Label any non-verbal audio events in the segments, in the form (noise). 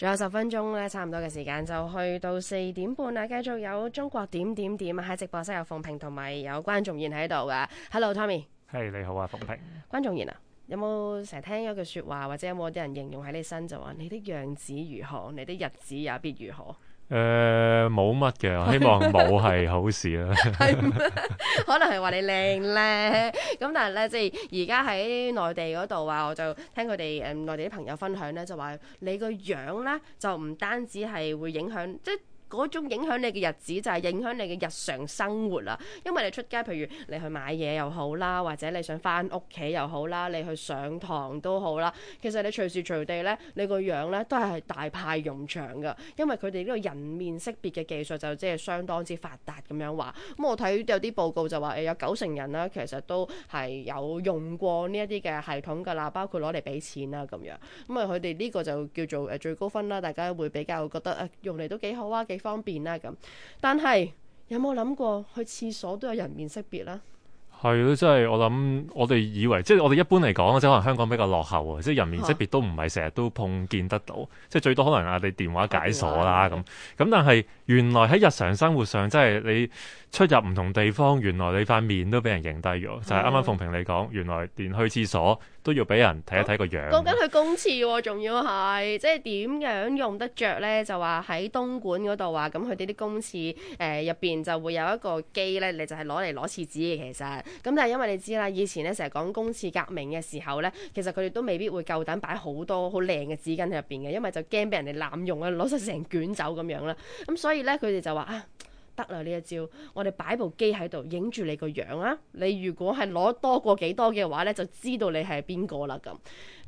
仲有十分鐘咧，差唔多嘅時間就去到四點半啦。繼續有中國點點點喺直播室有鳳萍同埋有關仲賢喺度㗎。Hello，Tommy。係、hey，你好啊，鳳萍。關仲賢啊，有冇成日聽一句説話，或者有冇啲人形容喺你身就話：你的樣子如何，你的日子也必如何。誒，冇乜嘅，我嗎希望冇係好事啦。可能係話你靚靚，咁但係咧，即係而家喺內地嗰度啊，我就聽佢哋誒內地啲朋友分享咧，就話你個樣咧就唔單止係會影響，即係。嗰種影響你嘅日子就係、是、影響你嘅日常生活啦，因為你出街，譬如你去買嘢又好啦，或者你想返屋企又好啦，你去上堂都好啦。其實你隨時隨地咧，你個樣咧都係大派用場㗎，因為佢哋呢個人面識別嘅技術就即係相當之發達咁樣話。咁、嗯、我睇有啲報告就話誒有九成人啦、啊，其實都係有用過呢一啲嘅系統㗎啦，包括攞嚟俾錢啦、啊、咁樣。咁啊佢哋呢個就叫做誒、呃、最高分啦，大家會比較覺得誒、呃、用嚟都幾好啊，方便啦咁，但係有冇諗過去廁所都有人面識別啦？係咯，即係我諗，我哋以為即係我哋一般嚟講，即係可能香港比較落後啊，即係人面識別都唔係成日都碰見得到，啊、即係最多可能啊，你電話解鎖啦咁，咁但係原來喺日常生活上，即係你。出入唔同地方，原來你塊面都俾人認低咗。的就係啱啱鳳萍你講，原來連去廁所都要俾人睇一睇個樣。講緊、啊、去公廁喎，哦，仲要係即係點樣用得着呢？就話喺東莞嗰度啊，咁佢哋啲公廁誒入邊就會有一個機呢，你就係攞嚟攞廁紙嘅。其實咁但係因為你知啦，以前呢成日講公廁革命嘅時候呢，其實佢哋都未必會夠膽擺好多好靚嘅紙巾喺入邊嘅，因為就驚俾人哋濫用啊，攞晒成卷走咁樣啦。咁、嗯、所以呢，佢哋就話啊～得啦！呢一招，我哋擺部機喺度影住你個樣啊！你如果係攞多過幾多嘅話，呢就知道你係邊個啦咁。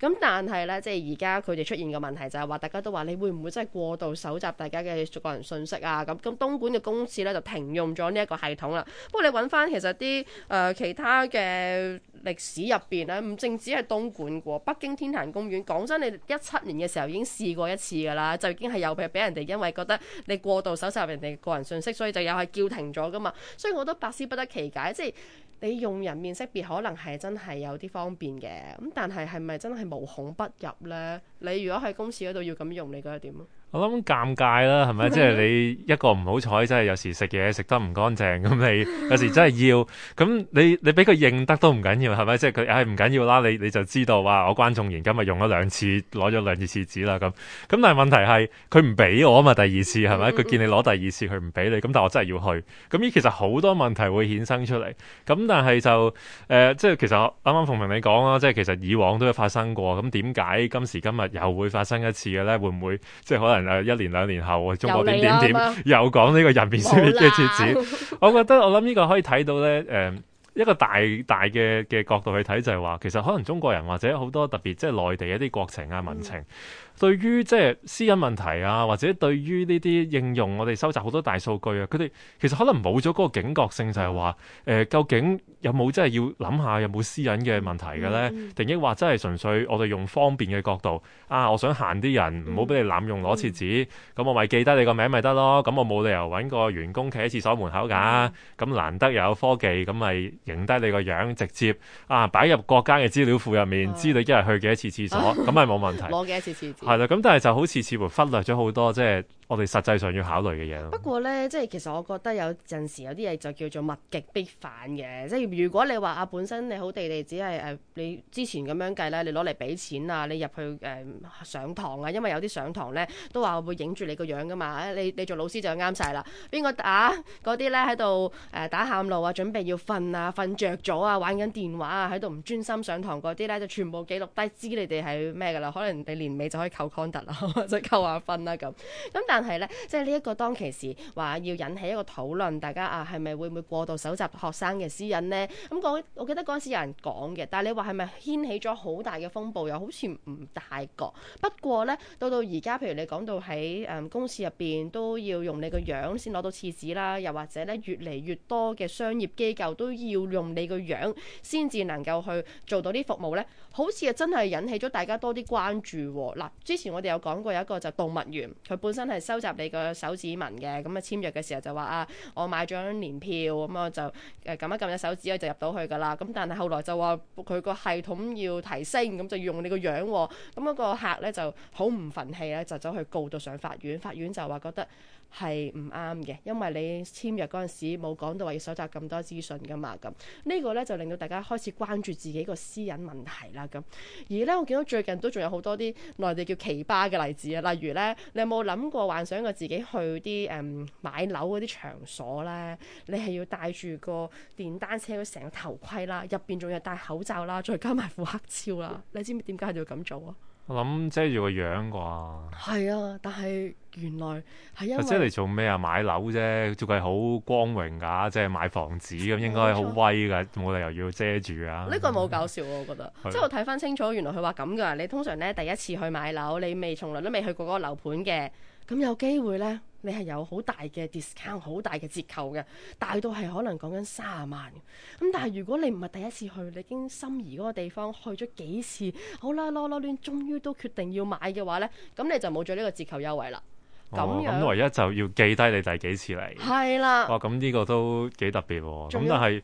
咁但係咧，即係而家佢哋出現嘅問題就係話大家都話你會唔會真係過度搜集大家嘅個人信息啊？咁咁東莞嘅公廁咧就停用咗呢一個系統啦，呃。不過你揾翻，其實啲誒其他嘅歷史入邊咧，唔淨止係東莞嘅北京天壇公園講真，你一七年嘅時候已經試過一次㗎啦，就已經係有俾人哋因為覺得你過度搜集人哋個人信息，所以就又係叫停咗㗎嘛。所以我都百思不得其解，即係你用人面識別可能係真係有啲方便嘅，咁但係係咪真係。無孔不入咧！你如果喺公司嗰度要咁用，你覺得點啊？我諗尷尬啦，係咪？即係你一個唔好彩，真係有時食嘢食得唔乾淨，咁你有時真係要咁你你俾佢認得都唔緊要，係咪？即係佢係唔緊要啦，你你就知道哇！我觀眾員今日用咗兩次，攞咗兩次廁紙啦咁。咁但係問題係佢唔俾我嘛，第二次係咪？佢見你攞第二次，佢唔俾你。咁但係我真係要去。咁呢其實好多問題會衍生出嚟。咁但係就誒、呃，即係其實我啱啱鳳明你講啦，即係其實以往都有發生過。咁點解今時今日又會發生一次嘅咧？會唔會即係可能？啊、一年兩年後，中國點點點，又講呢、啊、個人面識別嘅設置，沒啦 (laughs) 我覺得我諗呢個可以睇到呢誒、呃，一個大大嘅嘅角度去睇就係話，其實可能中國人或者好多特別即係內地一啲國情啊民情。嗯對於即係私隱問題啊，或者對於呢啲應用，我哋收集好多大數據啊，佢哋其實可能冇咗嗰個警覺性就，就係話誒，究竟有冇真係要諗下有冇私隱嘅問題嘅咧？定抑或真係純粹我哋用方便嘅角度啊，我想限啲人唔好俾你濫用攞廁紙，咁、嗯嗯嗯、我咪記得你個名咪得咯，咁、啊、我冇理由搵個員工企喺廁所門口㗎，咁、啊、難得又有科技，咁咪影低你個樣直接啊擺入國家嘅資料庫入面，知你一日去幾多次廁所，咁咪冇問題。 (laughs) (laughs) 係啦，咁但係就好似似乎忽略咗好多，即係。我哋實際上要考慮嘅嘢咯。不過咧，即係其實我覺得有陣時有啲嘢就叫做物極必反嘅。即係如果你話啊，本身你好地地只係誒、呃，你之前咁樣計啦，你攞嚟俾錢啊，你入去誒、呃、上堂啊，因為有啲上堂咧都話會影住你個樣噶嘛。你你做老師就啱晒啦。邊個打嗰啲咧喺度誒打喊路啊，準備要瞓啊，瞓着咗啊，玩緊電話啊，喺度唔專心上堂嗰啲咧，就全部記錄低，知你哋係咩㗎啦。可能你年尾就可以扣 conduct 啊，或者扣下分啦咁。咁但係咧，即係呢一個當其時話要引起一個討論，大家啊係咪會唔會過度搜集學生嘅私隱呢？咁、嗯、我我記得嗰陣時有人講嘅，但係你話係咪掀起咗好大嘅風暴，又好似唔大個。不過呢，到到而家，譬如你講到喺誒、嗯、公廁入邊都要用你個樣先攞到廁紙啦，又或者咧越嚟越多嘅商業機構都要用你個樣先至能夠去做到啲服務呢。好似真係引起咗大家多啲關注。嗱、啊，之前我哋有講過有一個就動物園，佢本身係。收集你個手指紋嘅咁啊，簽、嗯、約嘅時候就話啊，我買咗張年票咁、嗯、我就誒撳一撳隻手指我就入到去噶啦。咁、嗯、但係後來就話佢個系統要提升，咁、嗯、就要用你個樣、哦。咁、嗯、嗰、那個客咧就好唔忿氣咧，就走去告到上法院，法院就話覺得。係唔啱嘅，因為你簽約嗰陣時冇講到話要搜集咁多資訊㗎嘛，咁呢個呢，就令到大家開始關注自己個私隱問題啦。咁而呢，我見到最近都仲有好多啲內地叫奇葩嘅例子啊，例如呢，你有冇諗過幻想過自己去啲誒、嗯、買樓嗰啲場所呢？你係要戴住個電單車成個頭盔啦，入邊仲要戴口罩啦，再加埋副黑超啦。你知唔知點解佢要咁做啊？我諗遮住個樣啩，係啊，但係原來係因為，即係嚟做咩啊？買樓啫，仲係好光榮噶，即係買房子咁，應該好威噶，冇理由要遮住啊！呢個冇搞笑喎，我覺得，的即係我睇翻清楚，原來佢話咁噶，你通常咧第一次去買樓，你未從來都未去過嗰個樓盤嘅。咁有機會呢，你係有好大嘅 discount，好大嘅折扣嘅，大到係可能講緊三十萬。咁但係如果你唔係第一次去，你已經心儀嗰個地方去咗幾次，好啦囉囉攣，終於都決定要買嘅話呢，咁你就冇咗呢個折扣優惠啦。咁、哦、唯一就要記低你第幾次嚟。係啦的。哇、哦，咁呢個都幾特別喎。咁有但係。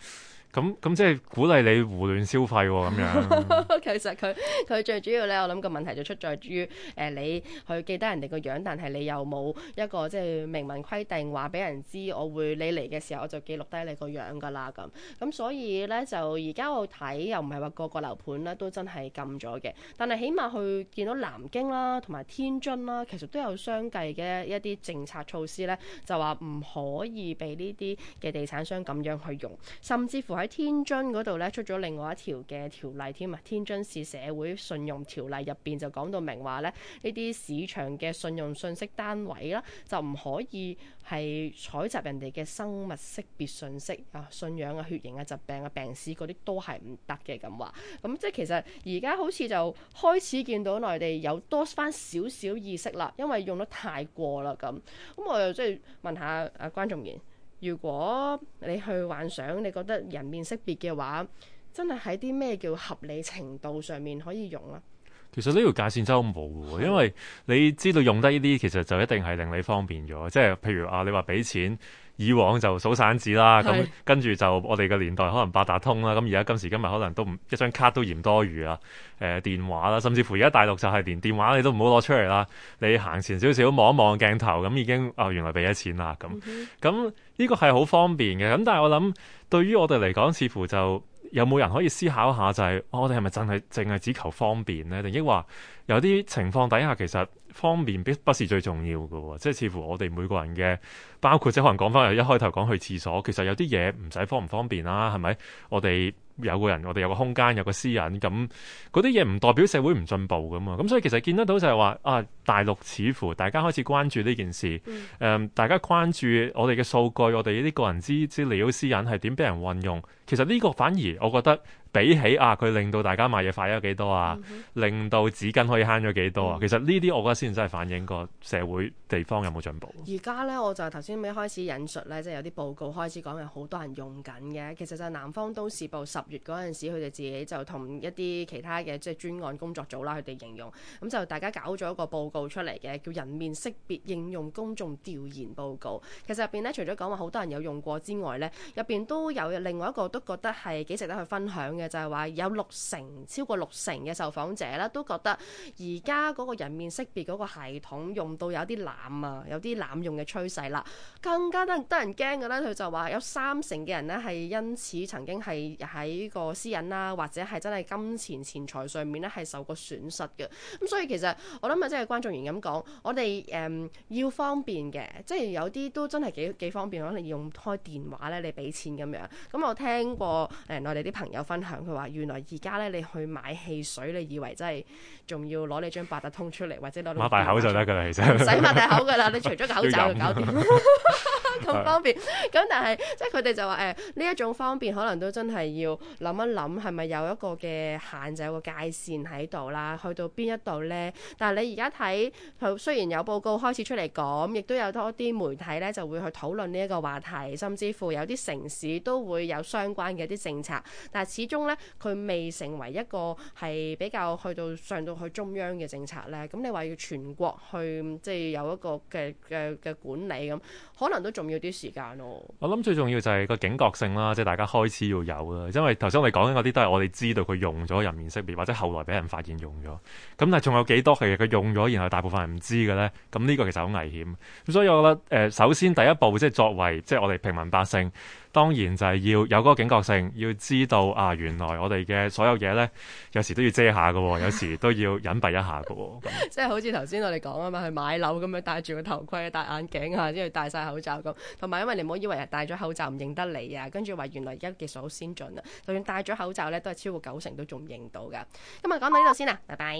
咁咁即係鼓勵你胡亂消費喎、哦，咁樣 (laughs) 其實佢佢最主要咧，我諗個問題就出在於誒、呃、你去記得人哋個樣，但係你又冇一個即係明文規定話俾人知，我會你嚟嘅時候我就記錄低你個樣㗎啦。咁咁所以咧就而家我睇又唔係話個個樓盤咧都真係禁咗嘅，但係起碼去見到南京啦同埋天津啦，其實都有相繼嘅一啲政策措施咧，就話唔可以俾呢啲嘅地產商咁樣去用，甚至乎。喺天津嗰度咧出咗另外一條嘅條例添啊！天津市社會信用條例入邊就講到明話咧，呢啲市場嘅信用信息單位啦，就唔可以係採集人哋嘅生物識別信息啊、信仰啊、血型啊、疾病啊、病史嗰啲都係唔得嘅咁話，咁、嗯、即係其實而家好似就開始見到內地有多翻少少意識啦，因為用得太過啦咁。咁、嗯、我又即係問下阿關、啊、眾賢。如果你去幻想，你覺得人面識別嘅話，真係喺啲咩叫合理程度上面可以用啦？其實呢條界線真係模糊，因為你知道用得呢啲，其實就一定係令你方便咗。即係譬如啊，你話俾錢。以往就數散紙啦，咁、嗯、是跟住就我哋嘅年代可能八達通啦，咁而家今時今日可能都唔一張卡都嫌多餘啊，誒、呃、電話啦，甚至乎而家大陸就係連電話你都唔好攞出嚟啦，你行前少少望一望鏡頭，咁已經啊原來俾咗錢啦咁，咁、嗯、呢、嗯哼嗯呢個係好方便嘅，咁、嗯、但係我諗對於我哋嚟講，似乎就有冇人可以思考下就係、是哦、我哋係咪真係淨係只求方便呢？定抑或有啲情況底下其實？方便必不是最重要嘅，即係似乎我哋每個人嘅，包括即可能講翻又一開頭講去廁所，其實有啲嘢唔使方唔方便啦，係咪？我哋有個人，我哋有個空間，有個私隱，咁嗰啲嘢唔代表社會唔進步咁啊！咁所以其實見得到就係話啊，大陸似乎大家開始關注呢件事，誒、嗯，大家關注我哋嘅數據，我哋呢啲個人之資料私隱係點俾人運用？其實呢個反而我覺得。比起啊，佢令到大家買嘢快咗幾多啊？嗯、哼令到紙巾可以慳咗幾多啊？嗯、其實呢啲我覺得先真係反映個社會地方有冇進步。而家咧，我就頭先咪開始引述咧，即係有啲報告開始講有好多人用緊嘅。其實就係南方都市報十月嗰陣時，佢哋自己就同一啲其他嘅，即係專案工作組啦，佢哋形容咁就大家搞咗一個報告出嚟嘅，叫人面識別應用公眾調研報告。其實入邊咧，除咗講話好多人有用過之外咧，入邊都有另外一個都覺得係幾值得去分享嘅。就係話有六成超過六成嘅受訪者咧，都覺得而家個人面識別嗰個系統用到有啲濫啊，有啲濫用嘅趨勢啦。更加得得人驚嘅咧，佢就話、是、有三成嘅人咧係因此曾經係喺個私隱啦，或者係真係金錢錢財上面咧係受過損失嘅。咁、嗯、所以其實我諗啊，即係觀眾員咁講，我哋誒、嗯、要方便嘅，即、就、係、是、有啲都真係幾幾方便，可能用開電話咧，你俾錢咁樣，咁、嗯、我聽過誒內地啲朋友分享。佢話：原來而家咧，你去買汽水，你以為真係仲要攞你張八達通出嚟，或者攞，你抹大口就得㗎啦，其實。 (laughs) 唔洗抹大口㗎啦，你除咗口罩就搞掂。喝 (laughs) 咁方便，咁但係即係佢哋就話誒呢一種方便可能都真係要諗一諗，係咪有一個嘅限制，有個界線喺度啦？去到邊一度咧？但係你而家睇，佢雖然有報告開始出嚟講，亦都有多啲媒體咧就會去討論呢一個話題，甚至乎有啲城市都會有相關嘅一啲政策。但係始終咧，佢未成為一個係比較去到上到去中央嘅政策咧。咁你話要全國去即係有一個嘅嘅嘅管理咁，可能都仲。要啲時間咯。我諗最重要就係個警覺性啦，即係大家開始要有啦。因為頭先我哋講緊嗰啲都係我哋知道佢用咗人面識別，或者後來俾人發現用咗。咁但係仲有幾多其實佢用咗，然後大部分人唔知嘅呢？咁呢個其實好危險。咁所以我覺得誒、呃，首先第一步即係作為即係我哋平民百姓。當然就係要有嗰個警覺性，要知道啊，原來我哋嘅所有嘢呢，有時都要遮下㗎，有時都要隱蔽一下㗎。即係 (laughs) 好似頭先我哋講啊嘛，去買樓咁樣戴住個頭盔、戴眼鏡啊，之後戴晒口罩咁。同埋因為你唔好以為戴咗口罩唔認得你啊，跟住話原來而家技術好先進啊，就算戴咗口罩呢，都係超過九成都仲認到㗎。今日講到呢度先啦，拜拜。